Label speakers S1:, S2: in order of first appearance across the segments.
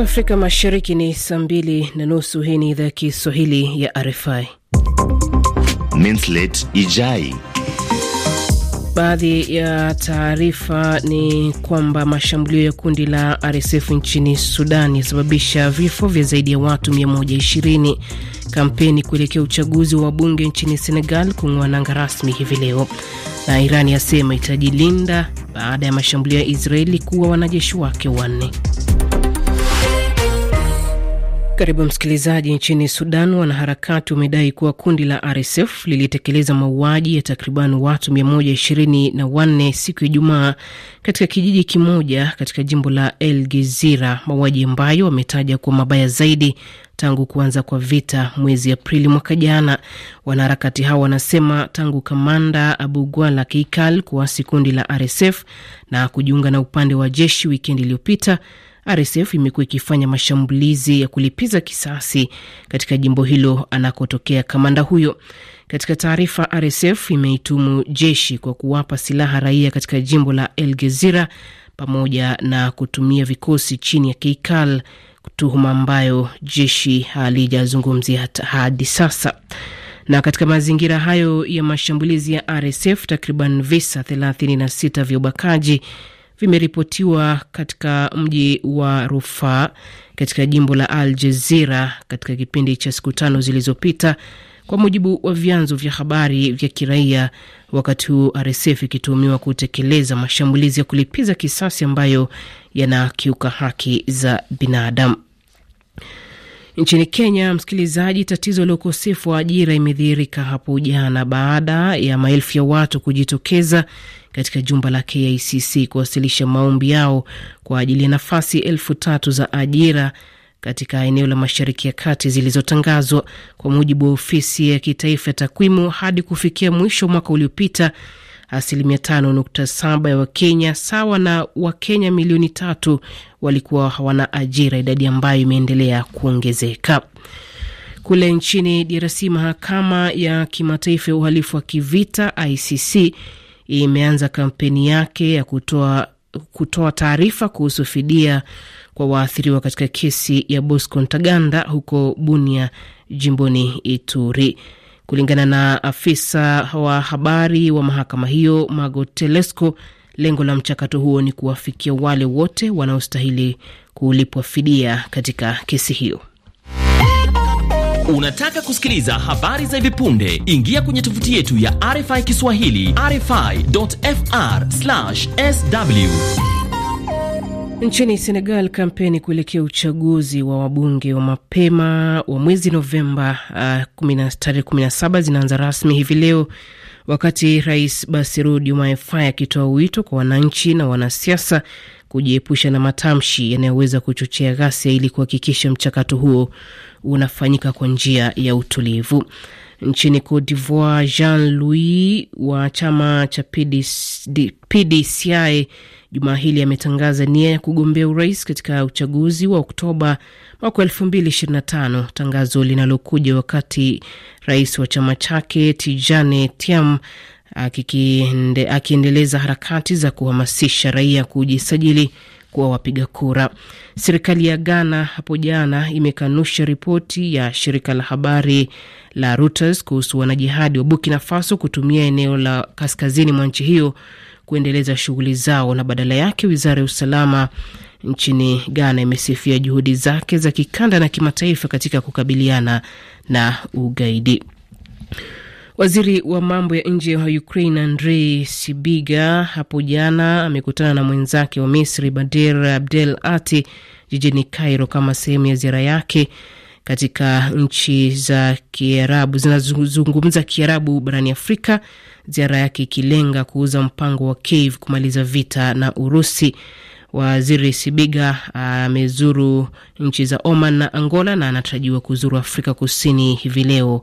S1: Afrika Mashariki ni saa mbili na nusu. Hii ni idhaa ya Kiswahili ya RFI. Minslet Ijai. Baadhi ya taarifa ni kwamba mashambulio ya kundi la RSF nchini Sudan yasababisha vifo vya zaidi ya watu 120. Kampeni kuelekea uchaguzi wa bunge nchini Senegal kung'oa nanga rasmi hivi leo, na Irani yasema itajilinda baada ya mashambulio ya Israeli kuwa wanajeshi wake wanne. Karibu msikilizaji. Nchini Sudan, wanaharakati wamedai kuwa kundi la RSF lilitekeleza mauaji ya takriban watu 124 siku ya Ijumaa katika kijiji kimoja katika jimbo la El Gezira, mauaji ambayo wametaja kuwa mabaya zaidi tangu kuanza kwa vita mwezi Aprili mwaka jana. Wanaharakati hao wanasema tangu kamanda Abu Gwala Keikal kuasi kundi la RSF na kujiunga na upande wa jeshi wikendi iliyopita RSF imekuwa ikifanya mashambulizi ya kulipiza kisasi katika jimbo hilo anakotokea kamanda huyo. Katika taarifa, RSF imeitumu jeshi kwa kuwapa silaha raia katika jimbo la El Gezira pamoja na kutumia vikosi chini ya kikal tuhuma ambayo jeshi halijazungumzia hadi sasa. Na katika mazingira hayo ya mashambulizi ya RSF, takriban visa 36 vya ubakaji vimeripotiwa katika mji wa Rufaa katika jimbo la Al Jazira katika kipindi cha siku tano zilizopita, kwa mujibu wa vyanzo vya habari vya kiraia, wakati huu RSF ikituhumiwa kutekeleza mashambulizi ya kulipiza kisasi ambayo yanakiuka haki za binadamu. Nchini Kenya, msikilizaji, tatizo la ukosefu wa ajira imedhihirika hapo jana baada ya maelfu ya watu kujitokeza katika jumba la KICC kuwasilisha maombi yao kwa ajili ya nafasi elfu tatu za ajira katika eneo la Mashariki ya Kati zilizotangazwa kwa mujibu wa ofisi ya kitaifa ya takwimu. Hadi kufikia mwisho mwaka uliopita asilimia 5.7 ya Wakenya sawa na Wakenya milioni tatu walikuwa hawana ajira, idadi ambayo imeendelea kuongezeka. Kule nchini DRC, mahakama ya kimataifa ya uhalifu wa kivita ICC imeanza kampeni yake ya kutoa kutoa taarifa kuhusu fidia kwa waathiriwa katika kesi ya Bosco Ntaganda huko Bunia, jimboni Ituri. Kulingana na afisa wa habari wa mahakama hiyo Mago Telesco, lengo la mchakato huo ni kuwafikia wale wote wanaostahili kulipwa fidia katika kesi hiyo. Unataka kusikiliza habari za hivi punde? Ingia kwenye tovuti yetu ya RFI Kiswahili, rfi.fr/sw. Nchini Senegal, kampeni kuelekea uchaguzi wa wabunge wa mapema wa mwezi Novemba uh, tarehe 17 zinaanza rasmi hivi leo, wakati Rais Bassirou Diomaye Faye akitoa wito kwa wananchi na wanasiasa kujiepusha na matamshi yanayoweza kuchochea ghasia ili kuhakikisha mchakato huo unafanyika kwa njia ya utulivu. Nchini Cote d'Ivoire, Jean Louis wa chama cha PDCI Jumaa hili ametangaza nia ya kugombea urais katika uchaguzi wa Oktoba mwaka 2025, tangazo linalokuja wakati rais wa chama chake Tijane Tiam akiendeleza harakati za kuhamasisha raia kujisajili kuwa wapiga kura. Serikali ya Ghana hapo jana imekanusha ripoti ya shirika la habari la Reuters kuhusu wanajihadi wa Burkina Faso kutumia eneo la kaskazini mwa nchi hiyo kuendeleza shughuli zao, na badala yake wizara ya usalama nchini Ghana imesifia juhudi zake za kikanda na kimataifa katika kukabiliana na ugaidi. Waziri wa mambo ya nje wa Ukraine Andrei Sibiga hapo jana amekutana na mwenzake wa Misri Badir Abdel Ati jijini Cairo kama sehemu ya ziara yake katika nchi za Kiarabu zinazozungumza Kiarabu barani Afrika, ziara yake ikilenga kuuza mpango wa Kiev kumaliza vita na Urusi. Waziri Sibiga amezuru nchi za Oman na Angola na anatarajiwa kuzuru Afrika Kusini hivi leo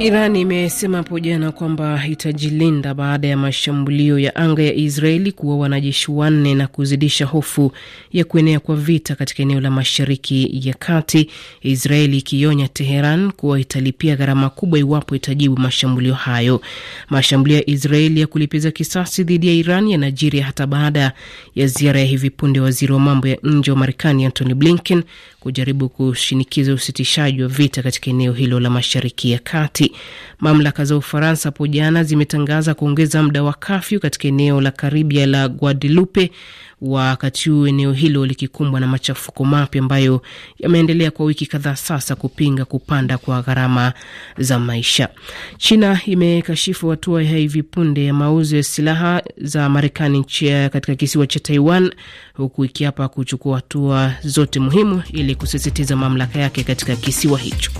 S1: Iran imesema hapo jana kwamba itajilinda baada ya mashambulio ya anga ya Israeli kuwa wanajeshi wanne na kuzidisha hofu ya kuenea kwa vita katika eneo la Mashariki ya Kati, Israeli ikionya Teheran kuwa italipia gharama kubwa iwapo itajibu mashambulio hayo. Mashambulio ya Israeli ya kulipiza kisasi dhidi ya Iran yanajiri hata baada ya ziara ya hivi punde waziri wa mambo ya nje wa Marekani Antony Blinken kujaribu kushinikiza usitishaji wa vita katika eneo hilo la Mashariki ya Kati. Mamlaka za Ufaransa hapo jana zimetangaza kuongeza muda wa kafyu katika eneo la Karibia la Guadeloupe, wakati huu eneo hilo likikumbwa na machafuko mapya ambayo yameendelea kwa wiki kadhaa sasa kupinga kupanda kwa gharama za maisha. China imekashifu hatua ya hivi punde ya mauzo ya silaha za Marekani katika kisiwa cha Taiwan, huku ikiapa kuchukua hatua zote muhimu ili kusisitiza mamlaka yake katika kisiwa hicho.